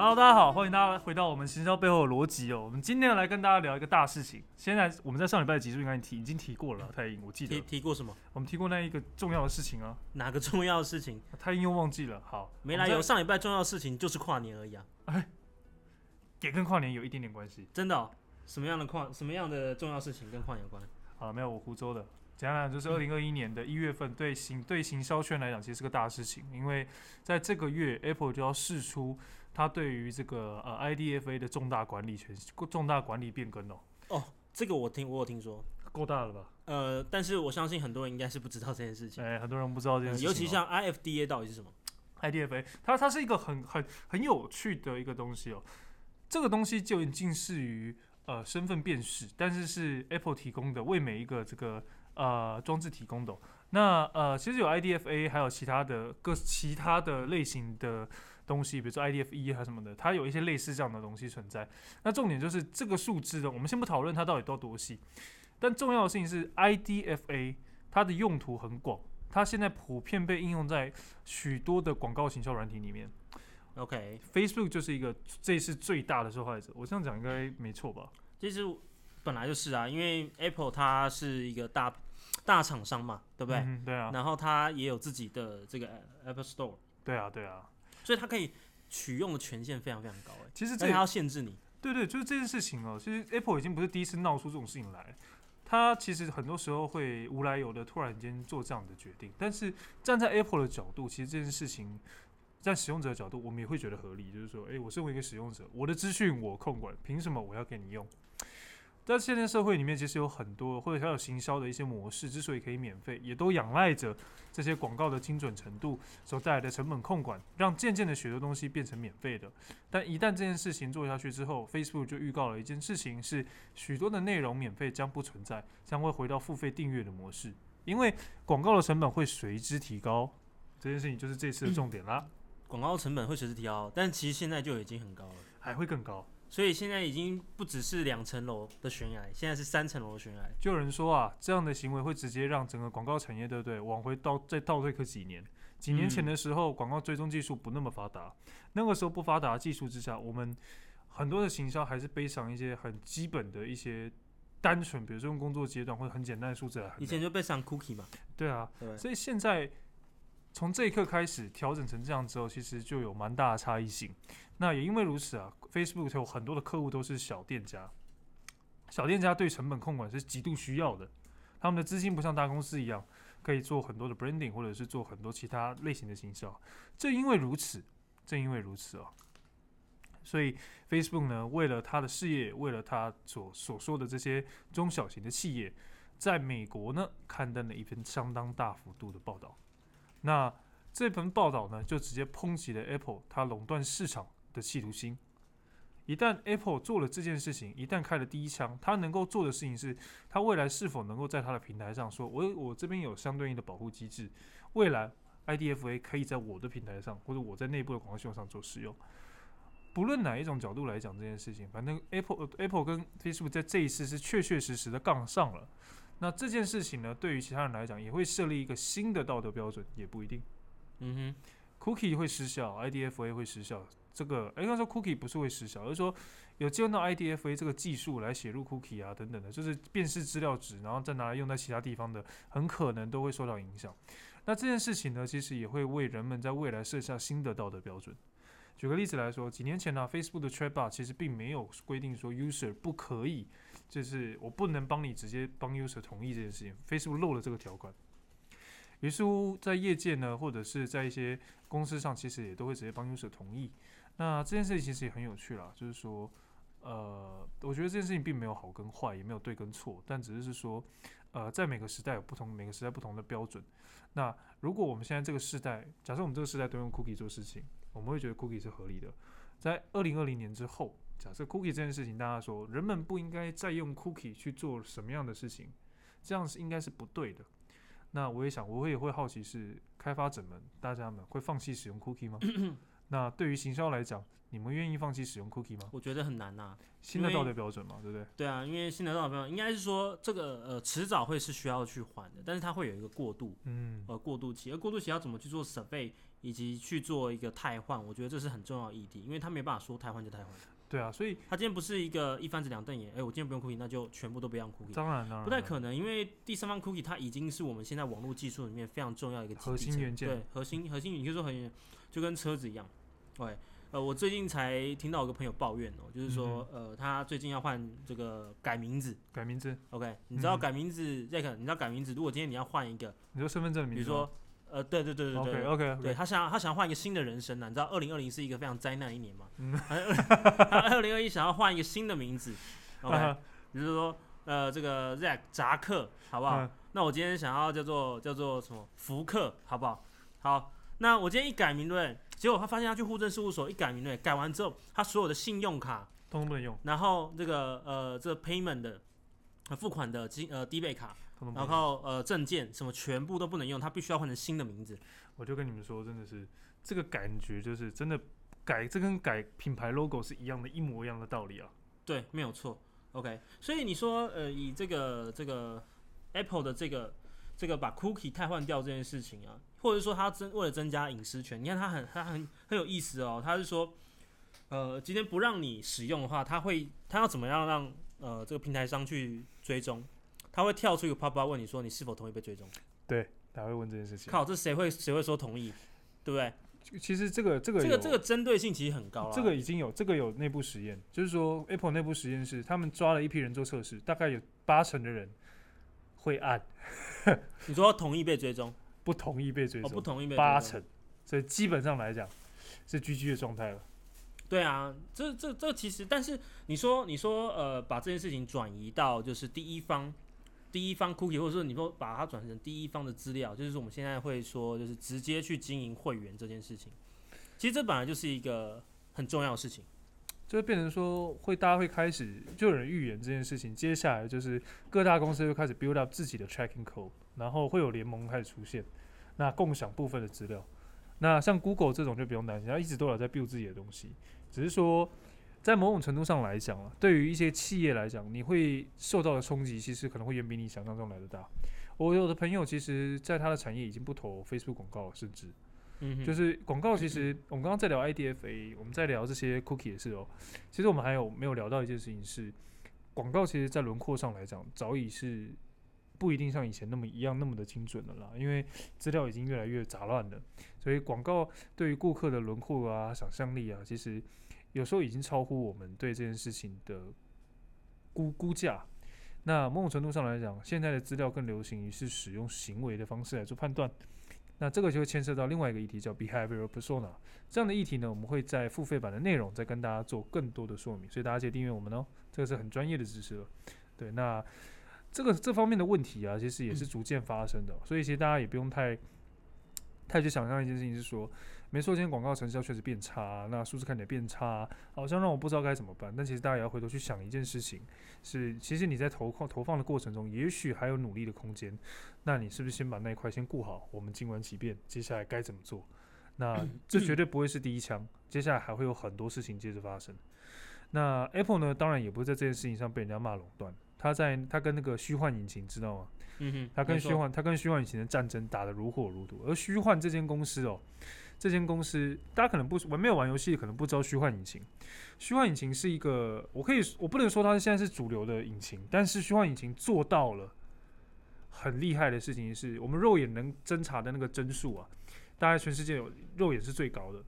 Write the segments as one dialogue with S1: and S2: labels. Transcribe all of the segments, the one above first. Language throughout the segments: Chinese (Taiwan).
S1: Hello，大家好，歡迎大家回到我們《行銷背後的邏輯》哦。我們今天要來跟大家聊一個大事情。現在我們在上禮拜的集數應該已經提已經提
S2: 過了，太英，我記得提提過什麼？我們提過那一個重要的事情啊。哪個重要的事情？太英又忘記了。好，沒來由上禮拜重要的事情就是跨年而已啊。哎，也跟跨年有一點點關係，真的哦。什麼樣的跨，什麼樣的重要事情跟跨年有關？好，沒有，我
S1: 胡謅的。講講、啊，就是二零二一年的一月份，對行對行銷圈來講，其實是個大事情，因為在這個月，Apple 就要釋出它對於這個呃 IDFA 的重
S2: 大管理權重大管理變更、喔、哦。這個我聽我有聽說，夠大了吧？呃，但是我相信很多人應該是不知道這件事情。哎、欸，很多人不知道這件事情、喔嗯，尤其像 IFDA 到底是什麼？IDFA 它它是一個很很很有趣的一個東西哦、喔。這個
S1: 東西就近似於呃身份辨識，但是是 Apple 提供的，為每一個這個。呃，裝置提供的那呃，其實有 IDFA，還有其他的各其他的類型的東西，比如說 IDFE 還有什麼的，它有一些類似這樣的東西存在。那重點就是這個數字呢，我們先不討論它到底到多細，但重要性是 IDFA 它的用途很廣，它現在普遍被應用在許多的廣告行銷軟體裡面。OK，Facebook Okay. 就是一個，這是最大的受害
S2: 者。我這樣講應該沒錯吧？其實本來就是啊，因為 Apple 它是一個大。大廠商嘛，對不對？嗯、對啊。然後他也有自己的這個 Apple Store。對啊，對啊。所以他可以取用的權限非常非常高，欸。哎，其實這還要限制你。
S1: 對對，就是這件事情哦。其實 Apple 已經不是第一次鬧出這種事情來。他其實很多時候會無來由的突然間做這樣的決定。但是站在 Apple 的角度，其實這件事情在使用者的角度，我們也會覺得合理。就是說，哎，我身為一個使用者，我的資訊我控管，憑什麼我要給你用？在現在社會裡面，其實有很多或者還有行銷的一些模式，之所以可以免費，也都仰賴着這些廣告的精準程度所帶來的成本控管，讓漸漸的許多東西變成免費的。但一旦這件事情做下去之後，Facebook 就預告了一件事情，是許多的內容免費將不存在，將會回到付費訂閱的模式，因為廣告的成本會隨之提高。這件事情就是這次的重
S2: 點啦。廣告成本會隨之提高，但其實現在就已經很高了，還會更高。所以現在已經不只是兩層樓的懸崖，現在是三層樓的懸崖。就有人說啊，這
S1: 樣的行為會直接讓整個廣告產業，對不對？往回倒，再倒退個幾年？幾年前的時候，嗯、廣告追蹤技術不那麼發達，那個時候不發達的技術之下，我們很多的行銷還是背上一些很基本的一些單純，比如說用工作階段或者很簡單的數字。以前就背上 cookie 嘛。對啊，對對，所以現在。從這一刻開始調整成這樣之後，其實就有蠻大的差異性。那也因為如此啊，Facebook 有很多的客戶都是小店家，小店家對成本控管是極度需要的。他們的資金不像大公司一樣，可以做很多的 branding 或者是做很多其他類型的行銷。正因為如此，正因為如此啊、哦，所以 Facebook 呢，為了他的事業，為了他所所說的這些中小型的企業，在美國呢刊登了一篇相當大幅度的報道。那這本報道呢，就直接抨擊了 Apple 它壟斷市場的企圖心。一旦 Apple 做了這件事情，一旦開了第一槍，它能夠做的事情是，它未來是否能夠在它的平台上說，我我這邊有相對應的保護機制，未來 IDFA 可以在我的平台上，或者我在內部的廣告系統上做使用。不論哪一種角度來講這件事情，反正 Apple Apple 跟 Facebook 在這一次是確確實實的槓上了。那這件事情呢，對於其他人來講，也會設立一個新的道德標準，也不一定。嗯哼，cookie 會失效，IDFA 會失效。這個誒，剛才說 cookie 不是會失效，而是說有見到 IDFA 這個技術來寫入 cookie 啊等等的，就是辨識資料值，然後再拿來用在其他地方的，很可能都會受到影響。那這件事情呢，其實也會為人們在未來設下新的道德標準。舉個例子來說，幾年前呢，Facebook 的 trap bar 其實並沒有規定說 user 不可以。就是我不能幫你直接幫 user 同意這件事情，Facebook 漏了這個條款。於是乎，在業界呢，或者是在一些公司上，其實也都會直接幫 user 同意。那這件事情其實也很有趣啦，就是說，呃，我覺得這件事情並沒有好跟壞，也沒有對跟錯，但只是是說，呃，在每個時代有不同，每個時代不同的標準。那如果我們現在這個時代，假設我們這個時代都用 cookie 做事情，我們會覺得 cookie 是合理的。在二零二零年之後。假設 cookie 這件事情，大家說人們不應該再用 cookie 去做什麼樣的事情，這樣是應該是不對的。那我也想，我也會好奇是開發者們，大家們會放棄使用 cookie 嗎？咳咳，那對於行銷來講，你們願意放棄使用 cookie 嗎？我覺得很難吶、啊。新的道德標準嘛，為對不對？
S2: 對啊，因為新的道德標準應該是說這個呃，遲早會是需要去換的，但是它會有一個過渡，
S1: 嗯，
S2: 呃，過渡期，而過渡期要怎麼去做 survey，以及去做一個汰換，我覺得這是很重要的議題，因為它沒辦法說汰換就汰換。對啊，所以他今天不是一個一翻子兩瞪眼，哎，我今天不用 cookie，那就全部都不用 cookie，當然了，不太可能，因為第三方 cookie 它已經是我們現在網絡技術裡面非常重要一個核心元件，核心核心，你就說很，就跟車子一樣，對、okay, 呃，我最近才聽到一個朋友抱怨哦，就是說，嗯哼呃、他最近要換這個改名字，改名字，OK，你知道改名字，再看、嗯，Jack, 你知道改名字，如果今天你要換一個，你說身份證名字，比如說。呃，對對對對對，OK OK，、right. 對他想他想換一個新的人生呢，你知道二零二零是一個非常災難的一年嗎？嗯， 他二零二一想要換一個新的名字，OK，、uh huh. 比如說呃這個 Zack 扎克，好不好？Uh huh. 那我今天想要叫做叫做什麼福克，好不好？好，那我今天一改名字，結果他發現他去戶政事務所一改名字，改完之後他所有的信用卡通通不能用，然後這個呃這個、payment 的、呃、付款的金呃低倍卡。然後、嗯、呃證件什麼全部都不能用，它必須要換成新的名字。我就跟你們說，真的是
S1: 這個感覺就是真的改，這跟改品牌 logo 是一樣的，一模一樣的道理啊。
S2: 對，沒有錯。OK，所以你說呃以這個這個 Apple 的這個這個把 Cookie 替換掉這件事情啊，或者說他增為了增加隱私權，你看他很它很它很，很有意思哦，他是說呃今天不讓你使用的話，他會他要怎麼樣讓呃這個平台商去追蹤？他會跳出一個 pop up 問你說你是否同意被追蹤？
S1: 對，他會問這件事情。靠，
S2: 這誰會誰會說同意？對不對？其實這個這個這個這個針對性其實很高。這個已經
S1: 有這個有內部實驗，就是說 Apple 內部實驗室他們抓了一批人做測試，大概有八成的人會按。 你說同意被追蹤，哦？不同意被追蹤？不同意被追蹤，八成，所以基
S2: 本上來講是 GG 的狀態了。對啊，這這這其實，但是你說你說呃把這件事情轉移到就是第一方。第一方 cookie，或者說你說把它轉成第一方的資料，就是說我們現在會說，就是直接去經營會員這件事情。其實這本來就是一個很重要的事情，就會變成說會
S1: 大家會開始就有人預言這件事情，接下來就是各大公司又開始 build up 自己的 tracking code，然後會有聯盟開始出現，那共享部分的資料。那像 Google 這種就不用擔心，它一直都有在 build 自己的東西，只是說。在某種程度上來講，對於一些企業來講，你會受到的衝擊，其實可能會遠比你想象中來得大。我有的朋友其實，在他的產業已經不投 Facebook 廣告了，甚至，嗯、哼就是廣告，其實、嗯、哼我們剛剛在聊 IDFA，我們在聊這些 cookie 的時候、哦，其實我們還有沒有聊到一件事情是，廣告其實，在輪廓上來講，早已是不一定像以前那麼一樣那麼的精準了啦，因為資料已經越來越雜亂了，所以廣告對於顧客的輪廓啊、想象力啊，其實。有時候已經超乎我們對這件事情的估估價。那某種程度上來講，現在的資料更流行於是使用行為的方式來做判斷。那這個就會牽涉到另外一個議題叫 behavioral persona。這樣的議題呢，我們會在付費版的內容再跟大家做更多的說明。所以大家記得訂閱我們哦。這個是很專業的知識了。對，那這個這方面的問題啊，其實也是逐漸發生的。嗯、所以其實大家也不用太太去想象一件事情，是說。沒錯，今天廣告成效確實變差，啊，那數字看起來變差，啊，好像讓我不知道該怎麼辦。但其實大家也要回頭去想一件事情，是其實你在投放投放的過程中，也許還有努力的空間。那你是不是先把那一塊先顧好？我們靜觀其變，接下來該怎麼做？那這絕對不會是第一槍，接下來還會有很多事情接着發生。那 Apple 呢，當然也不會在這件事情上被人家罵壟斷。他在他跟那個虛幻引擎，知道嗎？嗯哼，他跟虛幻，他說跟虛幻引擎的戰爭打得如火如荼，而虛幻這間公司哦。這間公司，大家可能不玩沒有玩遊戲，可能不知道虛幻引擎。虛幻引擎是一個，我可以我不能說它現在是主流的引擎，但是虛幻引擎做到了很厲害的事情，是我們肉眼能偵查的那個幀數啊，大概全世界有肉眼是最高的。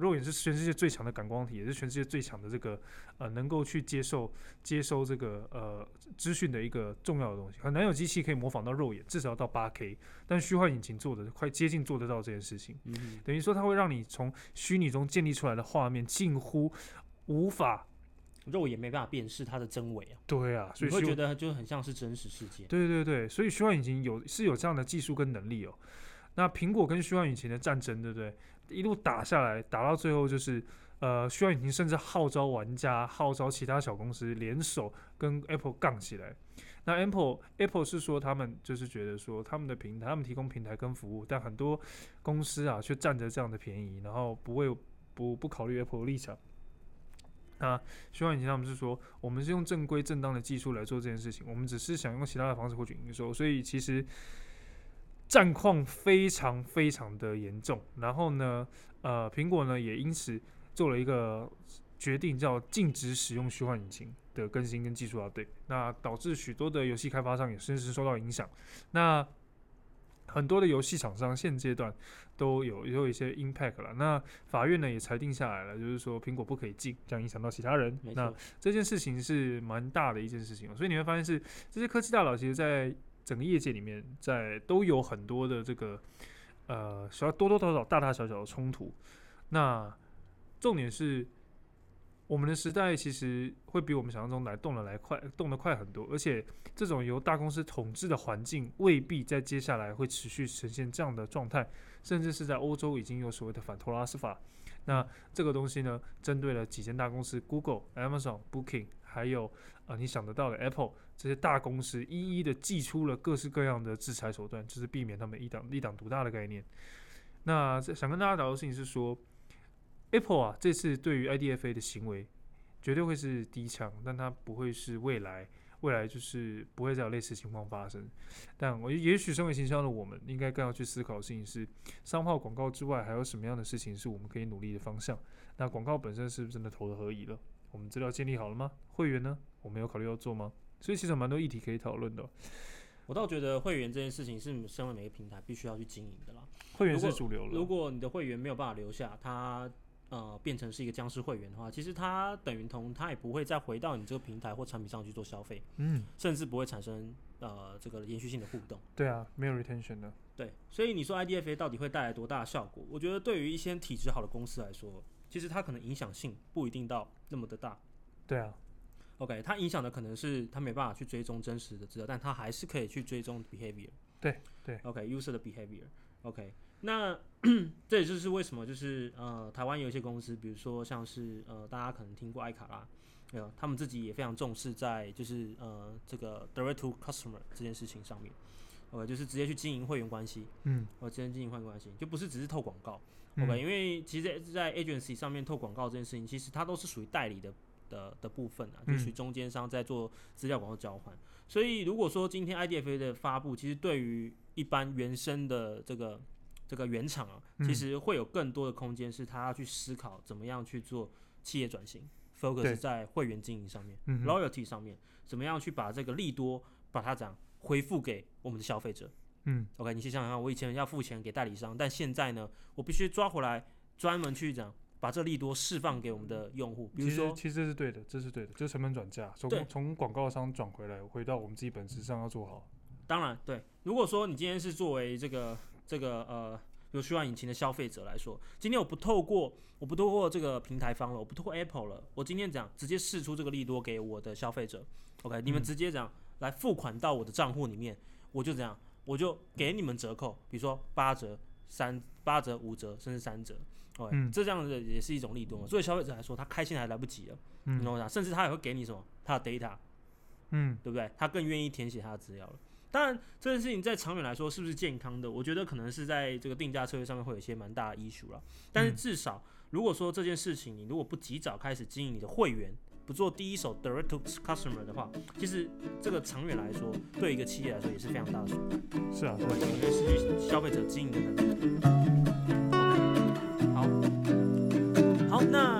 S1: 肉眼是全世界最強的感光體，也是全世界最強的這個呃，能夠去接受接收這個呃資訊的一個重要的東西，很難有機器可以模仿到肉眼，至少要到八 K，但虛幻引擎做的快接近做得到這件事情，嗯嗯等於說它會讓你從虛擬中建立出來的畫面近乎無法肉眼沒
S2: 辦法辨識它的真偽啊，
S1: 對啊，所以你會覺得
S2: 就很像是真實世界，
S1: 對，對對對，所以虛幻引擎有是有這樣的技術跟能力哦，那蘋果跟虛幻引擎的戰爭，對不對？一路打下來，打到最後就是，呃，虛幻引擎甚至號召玩家、號召其他小公司聯手跟 Apple 槓起來。那 Apple Apple 是說他們就是覺得說他們的平台，他們提供平台跟服務，但很多公司啊卻佔着這樣的便宜，然後不會，不不考慮 Apple 的立場。那虛幻引擎他們是說，我們是用正規正當的技術來做這件事情，我們只是想用其他的方式獲取營收，所以其實。戰況非常非常的嚴重，然後呢，呃，蘋果呢也因此做了一個決定，叫禁止使用虛幻引擎的更新跟技術 u、啊、對，那導致許多的遊戲開發商也甚至受到影響。那很多的遊戲廠商現階段都有也有一些 impact 了。那法院呢也裁定下來了，就是說蘋果不可以禁，這樣影響到其他人。沒錯。那這件事情是蠻大的一件事情哦，所以你會發現是這些科技大佬其實，在整個業界裡面，在都有很多的這個，呃，主要多多少少，大大小小的衝突。那重點是，我們的時代其實會比我們想象中來動得來快，動得快很多。而且，這種由大公司統治的環境，未必在接下來會持續呈現這樣的狀態。甚至是在歐洲已經有所謂的反托拉斯法。那這個東西呢，針對了幾間大公司，Google、Amazon、Booking，還有啊，呃、你想得到的 Apple。這些大公司一一的祭出了各式各樣的制裁手段，就是避免他們一黨一黨獨大的概念。那想跟大家聊的事情是說，Apple 啊這次對於 IDFA 的行為絕對會是第一槍，但它不會是未來，未來就是不會再有類似情況發生。但我也許身為行銷的，我們應該更要去思考的事情是：商號廣告之外，還有什麼樣的事情是我們可以努力的方向？那廣告本身是不是真的投的合宜了？我們資料建立好了嗎？會員呢？我們有考慮要做嗎？所以其實蠻多議題可以討論的。
S2: 我倒覺得會員這件事情是身為每個平台必須要去經營的啦。
S1: 會員是主流了。
S2: 如果你的會員沒有辦法留下，他呃變成是一個殭屍會員的話，其實他等於同他也不會再回到你這個平台或產品上去做消費。嗯。甚至不會產生呃這個延續性的互動。
S1: 對啊，沒有 retention 的。
S2: 對。所以你說 IDFA 到底會帶來多大的效果？我覺得對於一些體質好的公司來說，其實它可能影響性不一定到那麼的大。對啊。OK，它影響的可能是它沒辦法去追蹤真實的資料，但它還是可以去追蹤 behavior。對對，OK，user、okay, 的 behavior。OK，那 這也就是為什麼就是呃，台灣有一些公司，比如說像是呃，大家可能聽過愛卡拉，沒、呃、有？他們自己也非常重視在就是呃，這個 direct to customer 這件事情上面。OK，就是直接去經營會員關係，嗯，或是直接經營會員關係，就不是只是透廣告。OK，、嗯、因為其實在 agency 上面透廣告這件事情，其實它都是屬於代理的。的的部分啊，就是中間商在做資料廣告交換。嗯、所以如果說今天 IDFA 的發布，其實對於一般原生的這個這個原廠啊，嗯、其實會有更多的空間，是他要去思考怎麼樣去做企業轉型、嗯、，focus 在會員經營上面、嗯、，loyalty 上面，怎麼樣去把這個利多把它講恢復給我們的消費者。嗯，OK，你去想想看，我以前要付錢給代理商，但現在呢，我必須抓回來，專門去講。把這利多釋放給我們的用戶，比如說其實
S1: 其實這是對的，這是對的，這成本轉嫁，從從廣告商轉回來，回到我們自己本質上要做好。
S2: 當然，對，如果說你今天是作為這個這個呃有需要引擎的消費者來說，今天我不透過我不透過這個平台方了，我不透過 Apple 了，我今天這樣直接釋出這個利多給我的消費者，OK，、嗯、你們直接這樣來付款到我的賬戶裡面，我就這樣我就給你們折扣，比如說八折、三八折、五折，甚至三折。哦，對嗯、這,這樣子也是一種利多。作為消費者來說，他開心還來不及了，嗯、你懂嗎？甚至他也會給你什麼他的 data，嗯，對不對？他更願意填寫他的資料了。當然，這件事情在長遠來說是不是健康的，我覺得可能是在這個定價策略上面會有一些蠻大的 issue 了。但是至少，嗯、如果說這件事情你如果不及早開始經營你的會員，不做第一手 direct customer 的話，其實這個長遠來說，對一個企業來說也是非常大的損失。是啊，對，對因為失去消費者經營的能力。好，好，好，那。No.